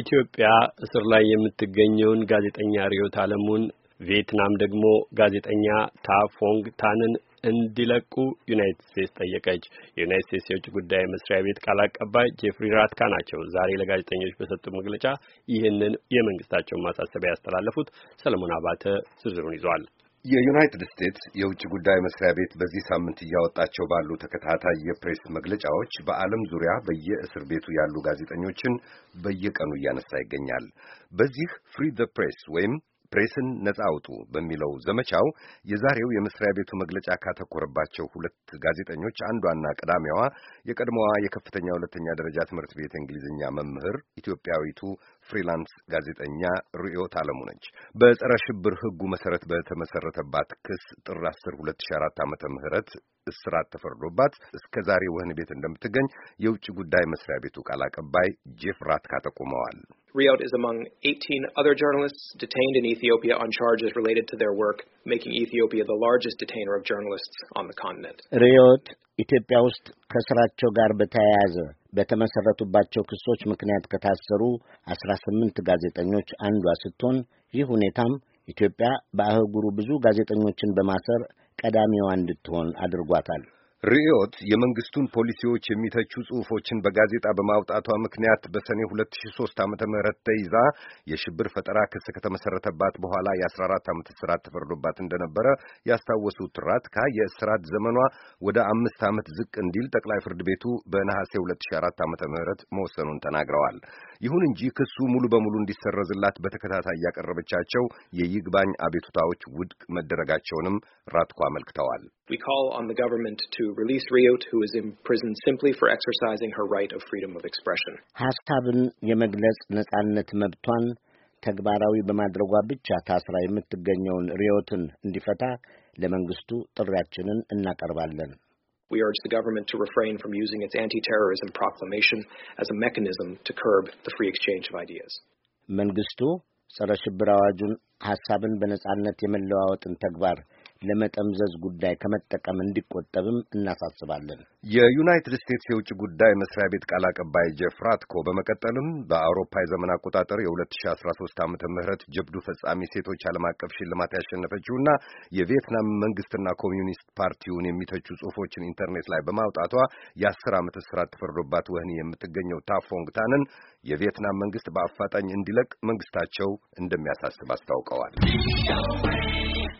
ኢትዮጵያ እስር ላይ የምትገኘውን ጋዜጠኛ ሪዮት አለሙን፣ ቪየትናም ደግሞ ጋዜጠኛ ታፎንግ ታንን እንዲለቁ ዩናይትድ ስቴትስ ጠየቀች። የዩናይትድ ስቴትስ የውጭ ጉዳይ መስሪያ ቤት ቃል አቀባይ ጄፍሪ ራትካ ናቸው ዛሬ ለጋዜጠኞች በሰጡት መግለጫ ይህንን የመንግስታቸውን ማሳሰቢያ ያስተላለፉት። ሰለሞን አባተ ዝርዝሩን ይዟል። የዩናይትድ ስቴትስ የውጭ ጉዳይ መስሪያ ቤት በዚህ ሳምንት እያወጣቸው ባሉ ተከታታይ የፕሬስ መግለጫዎች በዓለም ዙሪያ በየእስር ቤቱ ያሉ ጋዜጠኞችን በየቀኑ እያነሳ ይገኛል። በዚህ ፍሪ ዘ ፕሬስ ወይም ፕሬስን ነጻ አውጡ በሚለው ዘመቻው የዛሬው የመስሪያ ቤቱ መግለጫ ካተኮረባቸው ሁለት ጋዜጠኞች አንዷና ቀዳሚዋ የቀድሞዋ የከፍተኛ ሁለተኛ ደረጃ ትምህርት ቤት እንግሊዝኛ መምህር ኢትዮጵያዊቱ ፍሪላንስ ጋዜጠኛ ርዕዮት አለሙ ነች። በጸረ ሽብር ሕጉ መሰረት በተመሰረተባት ክስ ጥር 10 2004 ዓመተ ምህረት እስራት ተፈርዶባት እስከ ዛሬ ወህኒ ቤት እንደምትገኝ የውጭ ጉዳይ መስሪያ ቤቱ ቃል አቀባይ ጄፍ ራትካ ጠቁመዋል። Riot is among 18 other journalists detained in Ethiopia on charges related to their work, making Ethiopia the largest detainer of journalists on the continent. ሪዮት ኢትዮጵያ ውስጥ ከስራቸው ጋር በተያያዘ በተመሰረቱባቸው ክሶች ምክንያት ከታሰሩ 18 ጋዜጠኞች አንዷ ስትሆን ይህ ሁኔታም ኢትዮጵያ በአህጉሩ ብዙ ጋዜጠኞችን በማሰር ቀዳሚዋ እንድትሆን አድርጓታል። ርዕዮት የመንግስቱን ፖሊሲዎች የሚተቹ ጽሑፎችን በጋዜጣ በማውጣቷ ምክንያት በሰኔ 2003 ዓመተ ምህረት ተይዛ የሽብር ፈጠራ ክስ ከተመሰረተባት በኋላ የ14 ዓመት እስራት ተፈርዶባት እንደነበረ ያስታወሱት ራትካ የእስራት ዘመኗ ወደ አምስት ዓመት ዝቅ እንዲል ጠቅላይ ፍርድ ቤቱ በነሐሴ 2004 ዓመተ ምህረት መወሰኑን ተናግረዋል። ይሁን እንጂ ክሱ ሙሉ በሙሉ እንዲሰረዝላት በተከታታይ ያቀረበቻቸው የይግባኝ አቤቱታዎች ውድቅ መደረጋቸውንም ራትኮ አመልክተዋል። ሐሳብን የመግለጽ ነጻነት መብቷን ተግባራዊ በማድረጓ ብቻ ታስራ የምትገኘውን ሪዮትን እንዲፈታ ለመንግስቱ ጥሪያችንን እናቀርባለን። we urge the government to refrain from using its anti terrorism proclamation as a mechanism to curb the free exchange of ideas. መንግስቱ ጸረ ሽብር አዋጁን በነጻነት የመለዋወጥን ተግባር ለመጠምዘዝ ጉዳይ ከመጠቀም እንዲቆጠብም እናሳስባለን። የዩናይትድ ስቴትስ የውጭ ጉዳይ መስሪያ ቤት ቃል አቀባይ ጄፍ ራትኮ በመቀጠልም በአውሮፓ የዘመን አቆጣጠር የ2013 ዓመተ ምህረት ጀብዱ ፈጻሚ ሴቶች ዓለም አቀፍ ሽልማት ያሸነፈችውና የቪየትናም መንግስትና ኮሚዩኒስት ፓርቲውን የሚተቹ ጽሑፎችን ኢንተርኔት ላይ በማውጣቷ የአስር ዓመት እስራት ተፈርዶባት ወህኒ የምትገኘው ታፎንግ ታንን የቪየትናም መንግስት በአፋጣኝ እንዲለቅ መንግስታቸው እንደሚያሳስብ አስታውቀዋል።